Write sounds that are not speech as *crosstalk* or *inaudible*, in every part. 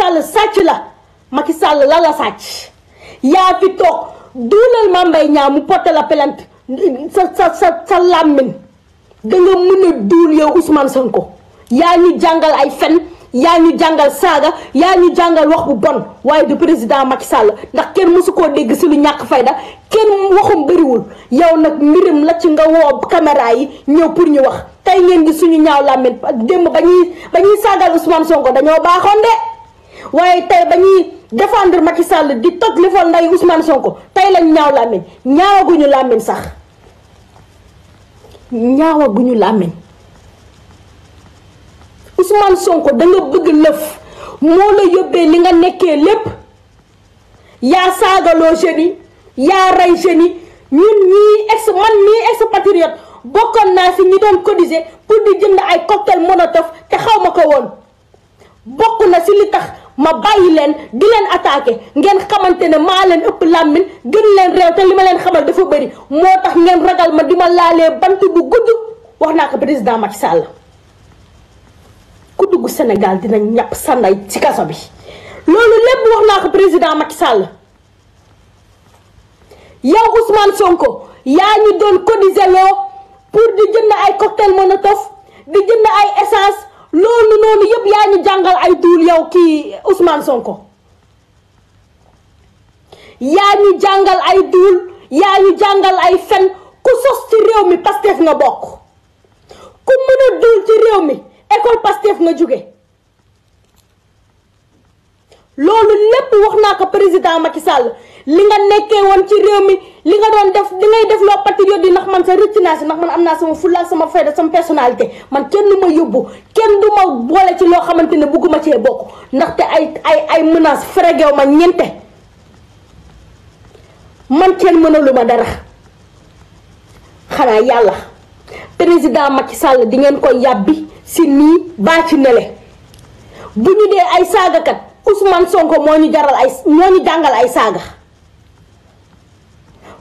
Sall sàcc la Macky Sall la la sàcc yaa fi toog duulal Mame Mbaye Niang mu porté la plainte sa sa sa sa làmmiñ da nga mën a duul yow Ousmane Sonko yaa ñu jàngal ay fen yaa ñu jàngal saaga yaa ñu jàngal wax bu bon waaye du président Macky Sall ndax kenn mësu koo dégg si lu ñàkk fayda kenn waxum bëriwul yow nag mbirim la ci nga woo caméra yi ñëw pour ñu wax tey ngeen di suñu ñaaw làmmiñ démb ba ñuy ba ñuy saagal Ousmane Sonko dañoo baaxoon de waaye tey dañuy ñuy défendre Macky Sall di toj li fa nday Ousmane Sonko tey lañ ñaaw làmmiñ ñaawaguñu làmmiñ sax ñaawaguñu làmmiñ Ousmane Sonko da nga bëgg lëf moo la yóbbee li nga nekkee lépp yaa saagaloo jeunes yi yaa rey jeunes ñun ñii ex man mii ex patriote bokkoon naa si ñi doon cotiser pour di jënd ay cocktail Molotov te xaw ma ko woon bokk na si li tax ma bàyyi leen di leen attaqué ngeen xamante ne maa leen ëpp làmmiñ gën leen réew te li ma leen xamal dafa bëri moo tax ngeen ragal ma di ma laalee bant bu gudd wax naa ko président Macky Sall ku dugg Sénégal dina ñàpp sanday ci kaso bi loolu lépp wax naa ko président Macky Sall yow Ousmane Sonko yaa ñu doon cotiser loo pour di jënd ay cocktail Molotov di jënd ay essence loolu noonu yëpp yaa ñu jàngal ay tuul yow kii Ousmane Sonko yaa ñu jàngal ay tuul yaa ñu jàngal ay fen ku sos ci réew mi Pastef nga bokk ku mën a ci réew mi école Pastef nga jóge loolu lépp wax naa ko président Macky Sall li nga nekkee woon ci réew mi li nga doon def li ngay def loo patriote yi ndax man sa rëcc naa si ndax man am naa sama fulla sama fayda sama personnalité man kenn du ma yóbbu kenn du ma boole ci loo xamante ne bugguma cee bokk ndaxte ay ay ay menaces frégew ma ñente man kenn mënalu ma dara xanaa yàlla président Macky Sall di ngeen ko yàbbi si nii baa ci nele bu ñu dee ay saagakat Ousmane Sonko moo ñu jaral ay moo ñu jàngal ay saaga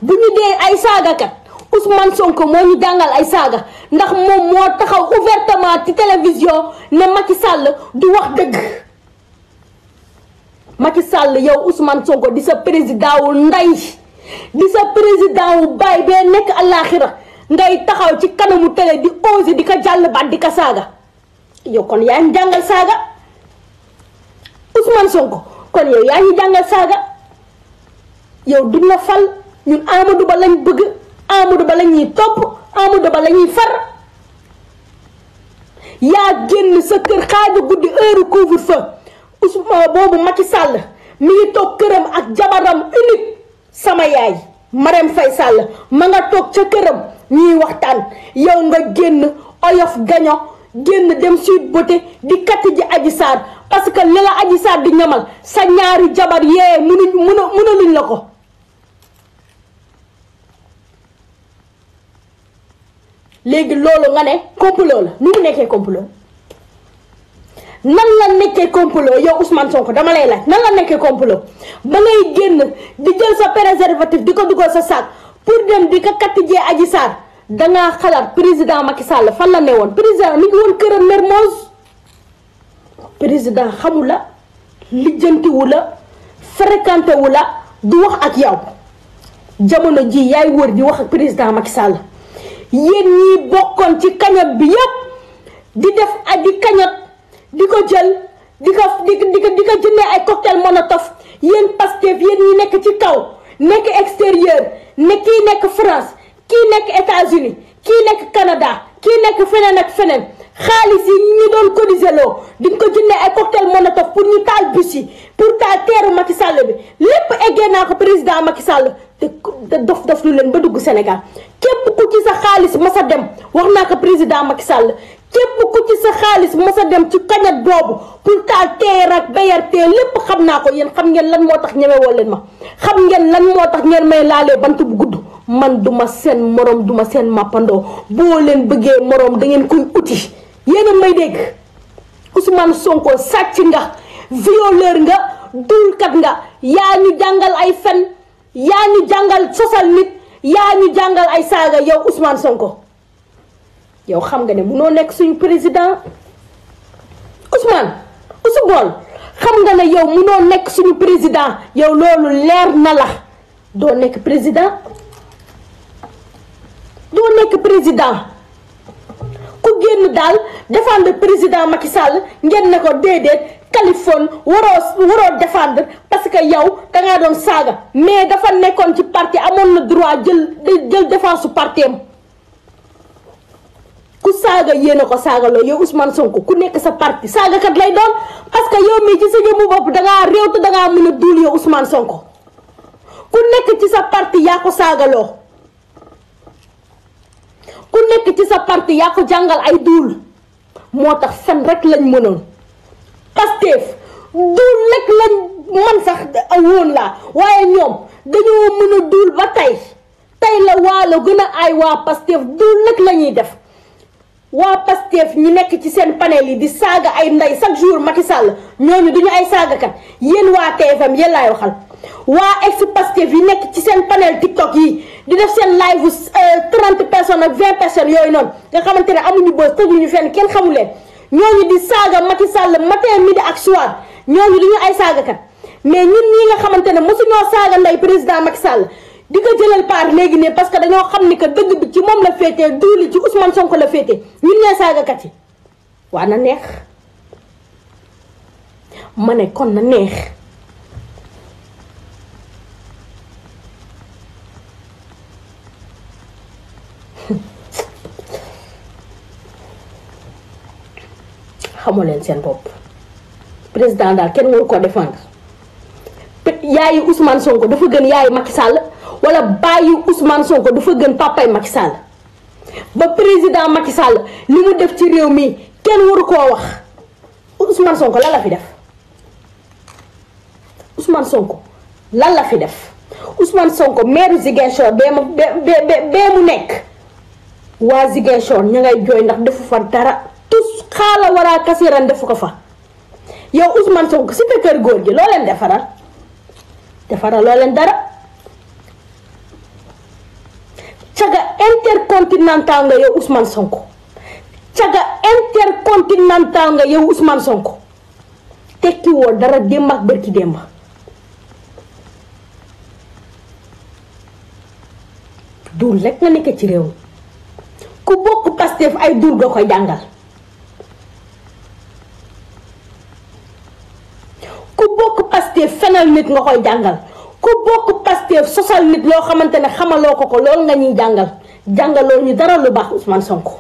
bu ñu dee ay saagakat Ousmane Sonko moo ñu jàngal ay saaga ndax moom moo taxaw ouvertement ci télévision ne Macky Sall du wax dëgg Macky sàll yow Ousmane Sonko di sa président wu ndey di sa président wu baay bee nekk àllaaxira ngay taxaw ci kanamu télé di osé di ko jàll baat di ko saaga yow kon jàngal saaga. Ousmane Sonko kon yow yaa ñu jàngal saaga yow duñ la fal ñun Amadou Ba lañ bëgg Amadou Ba la ñuy topp Amadou Ba la ñuy far yaa génn sa kër xaaju guddi heure couvre-feu Ousmane boobu Macky Sall mi ngi toog këram ak jabaram unique sama yaay Marème Faye Sall ma nga toog ca këram ñuy waxtaan yow nga génn oyof gaño génn dem Sweet Beauté di katti ji Adji Sarr parce que li la Adji Sarr di ñamal sa ñaari jabar yee mënuñ mën a mënaluñ la ko léegi loolu nga ne complot la nu mu nekkee complot nan la nekkee complot yow Ousmane Sonko dama lay laaj nan la nekkee complot ba ngay génn di jël sa préservatif di ko dugal sa saak pour dem di ko katti jee Adji dangaa xalaat président Macky Sall fan la ne woon président mi ngi woon këram Mermoz président xamu la lijjantiwu la du wax ak yow jamono ji yaay wër di wax ak président Macky Sall yéen bokkoon ci kañot bi yëpp di def ak di kañot di ko jël di ko di ko di ko jëndee ay cocktail Molotov yéen Pastef yéen ñi nekk ci kaw nekk extérieur nekk kii nekk France kii nekk États-Unis kii nekk Canada kii nekk feneen ak feneen xaalis yi ñu doon cotiser loo di ko jëndee ay cocktail Molotov pour ñu taal bus yi pour taal teeru Sall bi lépp eggee naa président Macky Sall te dof dof lu leen ba dugg Sénégal képp ku ci sa xaalis ma sa dem wax naa ko président Macky Sall képp ku ci sa xaalis ma sa dem ci kañat boobu pour taal TER ak BRT lépp xam naa ko yéen xam ngeen lan moo tax ñemewoo leen ma xam ngeen lan moo tax ngeen may laalee bant bu gudd man duma seen moroom duma seen màppandoo boo leen bëggee moroom da ngeen koy uti yéena may dégg Ousmane Sonko sàcc nga violeur nga dulkat nga yaa ñu jàngal ay fen yaa ñu jàngal sosal nit yaa ñu jàngal ay saaga yow Ousmane Sonko yow xam nga ne mu noo nekk suñu président Ousmane Ousmane xam nga ne yow munoo nekk suñu président yow loolu leer na la doo nekk président doo nekk président ku génn daal défendre président Macky Sall ngeen ne ko déedéet Kaliphone waroo waroo défendre parce que yow da ngaa doon saaga mais dafa nekkoon ci parti amoon na droit jël jël défense su parti am ku saaga yéen a ko saagaloo yow Ousmane Sonko ku nekk sa parti saagakat lay doon parce que yow mii ci sa jëmmu bopp da ngaa réew te da ngaa mën a duul yow Ousmane Sonko ku nekk ci sa parti yaa ko saagaloo. ku nekk ci sa parti yaa ko jàngal ay duul moo tax fen rek lañ mënoon Pastef duul rek lañ man sax woon laa waaye ñoom dañoo mën a duul ba tey tey la waa la gën a aay waa Pastef duul rek la ñuy def waa Pastef ñu nekk ci seen panel yi di saaga ay ndey chaque jour Macky Sall ñooñu duñu ay saagakat yéen waa TFM yenn laay waxal waa ex-Pastef yi nekk ci seen panel TikTok yi di def seen live bu euh, 30 personnes ak 20 personnes yooyu noonu nga xamante ne amuñu bës tëjuñu fenn kenn xamu leen ñooñu di saaga Macky Sall matin midi ak soir di duñu ay saagakat mais ñun ñi nga xamante ne mosuñoo saaga nday président Macky Sall di ko jëlal part léegi ne parce que dañoo xam ni que dëgg bi ci moom la féetee duuli ci man Sonko la féetee ñun ñooy saagakat yi waa na neex ma ne kon xamoo leen seen bopp président daal kenn waru ko défendre yaayu Ousmane Sonko dafa gën yaayu makki sàll wala baayu Ousmane Sonko dafa gën papay makki sàll ba président Macky Sall li mu def ci réew mi kenn waru koo wax Ousmane Sonko lan fi def Ousmane Sonko lan la fi def Ousmane Sonko maire Ziguinchor bee bee mu nekk waa Ziguinchor ñu ngay jooy ndax defu fa dara. xaala war a kasiran defu ko fa yow Ousmane Sonko si ka kër góor gi loo leen defaral defaral loo leen dara caga intercontinental nga yow Ousmane Sonko caga intercontinental nga yow Ousmane Sonko tekki woo dara démb ak bërki démb duul rek nga nekk ci réew ku bokk Pastef ay duul doo koy jàngal Pastef fenal nit nga koy jàngal ku bokk Pastef sosal nit loo xamante ne xamaloo ko ko loolu nga ñuy jàngal jàngaloo ñu dara lu baax Ousmane Sonko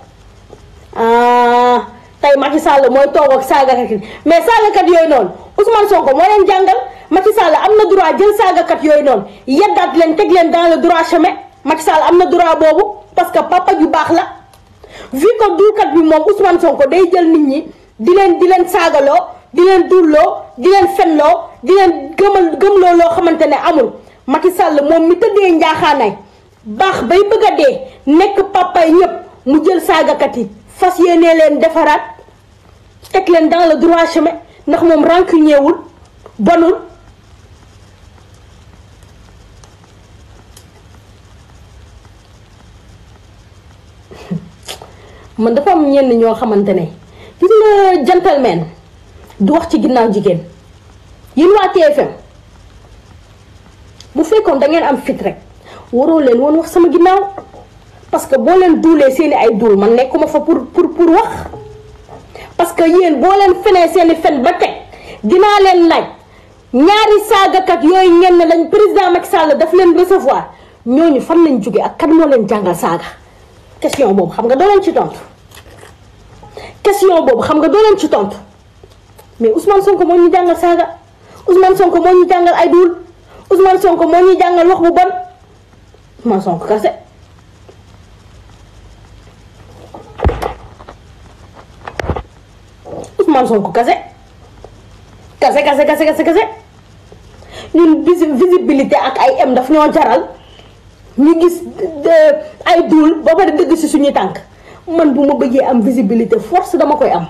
ah tey Macky mooy toog ak saagakat yi mais saagakat yooyu noonu Ousmane Sonko moo leen jàngal Macky Sall am na droit jël saagakat yooyu noonu yeddaat leen teg leen dans le droit chemin Macky am na droit boobu parce que papa baax la vu que duukat bi moom Ousmane Sonko day jël nit ñi di leen di leen saagaloo di leen dulloo di leen fenloo di leen gëmal gëmloo loo xamante ne amul Macky Sall moom mi tëddee njaaxaanaay baax bay bëgg a dee nekk papa yi ñëpp mu jël saagakat yi fas yéenee leen defaraat teg leen dans le droit chemin ndax moom rancunier wul bonul *laughs* man dafa am ñenn ñoo xamante ne gis nga gentleman du wax ci ginnaaw jigéen yéen waa TFM bu fekkoon da ngeen am fit rek waroo leen woon wax sama ginnaaw parce que boo leen duulee seeni ay duul man nekkuma fa pour pour pour wax parce que yéen boo leen fenee seeni fen ba teg dinaa leen laaj ñaari saagakat yooyu ngeen ne lañ président Macky Sall daf leen résevoir ñooñu fan lañ jóge ak kan moo leen jàngal saaga question boobu xam nga doo leen ci tontu question boobu xam nga doo leen ci tontu mais Ousmane Sonko moo ñu jàngal saaga. Ousmane Sonko moo ñu jàngal ay duul Ousmane Sonko moo ñuy jàngal wax bu bon Ousmane Sonko kase Ousmane Sonko kase kase kase visibilité ak ay m daf ñoo jaral ñu gis ay duul ba pare dëgg ci suñuy tànk man bu ma bëggee am visibilité force dama koy am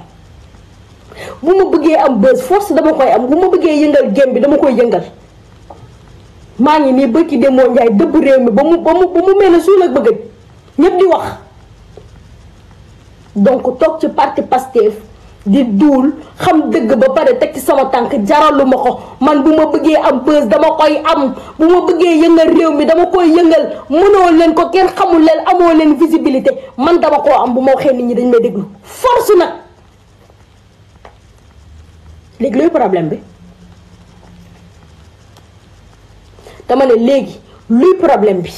bu ma bëggee am bës force dama koy am bu ma bëggee yëngal gém bi dama koy yëngal ngi nii bëkki demoo njaay dëbb réew mi ba mu ba mu ba mu mel ne suul di wax toog ci parti Pastef di duul xam dëgg ba pare teg ci sama tànk jaralu ma ko man bu ma bëggee am bës dama koy am bu ma bëggee yëngal réew mi dama koy yëngal mënoo leen ko kenn xamul leen amoo leen visibilité man dama koo am bu ma waxee nit ñi dañ ma déglu force nag léegi luy problème bi dama ne léegi luy problème bi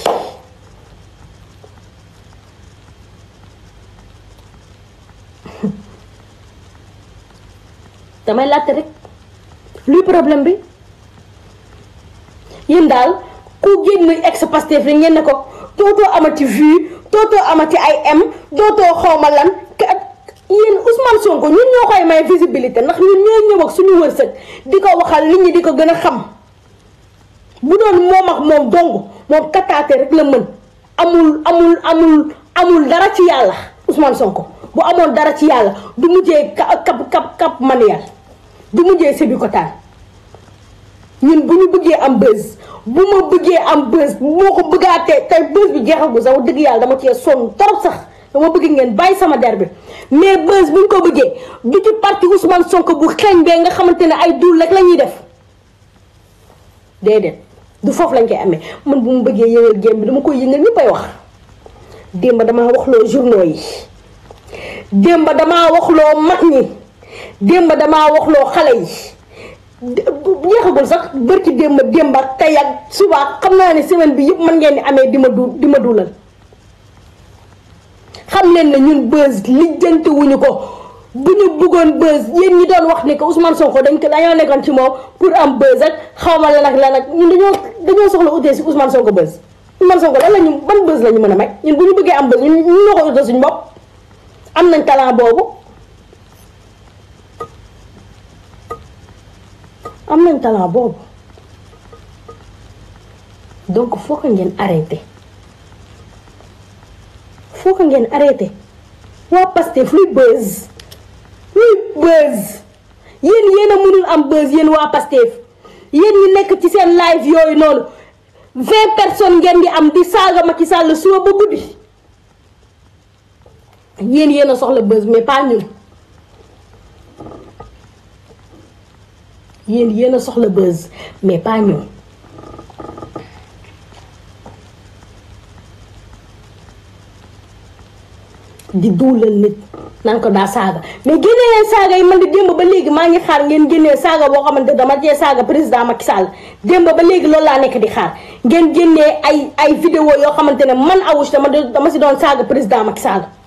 *laughs* damay laajte rek luy problème bi yéen daal ku génn ex Pastef rek ngeen ne ko dootoo amati vue dootoo amati ay m dootoo xawma lan yéen Ousmane Sonko ñun ñoo koy may visibilité ndax ñun ñooy ñëw ak suñu wërsëg di ko waxal nit ñi di ko gën a xam bu doon moom ak moom dong moom kataate rek la mën amul amul amul dara ci yàlla Ousmane Sonko bu amoon dara ci yàlla du mujjee kap kap kap manuel du mujjee sébi ko taan ñun bu ñu bëggee am bës bu ma bëggee am bës bu ma ko bëggaatee te bës bi jeexagul sax dëgg yàlla dama cee sonn trop sax. dama bëgg ngeen bàyyi sama der bi mais bés buñ ko bëggee du ci parti Ousmane Sonko bu xeeñ bee nga xamante ne ay dul rek la ñuy def déedéet du foofu lañ koy amee man bu mu bëggee yëngal géem bi koy yëngal ñëppay wax démb damaa waxloo journaux yi démb damaa waxloo mag ñi démb damaa waxloo xale yi jeexagul sax bërki démb démb ak tey ak suba xam naa ne semaine bi yëpp mën ngeen di amee di ma du di ma duulal xam leen ne ñun buzz lijjanti wuñu ko bu ñu bëggoon buzz yéen ñi doon wax ne que Ousmane Sonko dañ ko dañoo nekkoon ci moom pour am buzz ak xaw ma lan ak lan ak ñun dañoo dañoo soxla utee si ko Sonko buzz Ousmane Sonko lan la ñu ban buzz la mën a may ñun bu ñu bëggee am buzz ñun ñoo ko utee suñu bopp am nañ talent boobu am nañ talent boobu donc foo ko ngeen arrêté. foo ko ngeen arrêté waa Pastef luy buzz luy buzz yéen yéen a mënul am buzz yéen waa Pastef yéen ñi nekk ci seen live yooyu noonu vingt personnes ngeen di am di saaga Macky sàll suba ba guddi yéen yéen a soxla buzz mais pas ñun yéen a soxla buzz mais pas di duulal nit nan ko daa saaga mais génne leen saaga yi man di démb ba léegi maa ngi xaar ngeen génnee saaga boo xamante dama cee saaga président Macky Sall démb ba léegi loolu laa nekk di xaar ngeen génnee ay ay vidéo yoo xamante ne man Awoush dama dama si doon saaga président Macky Sall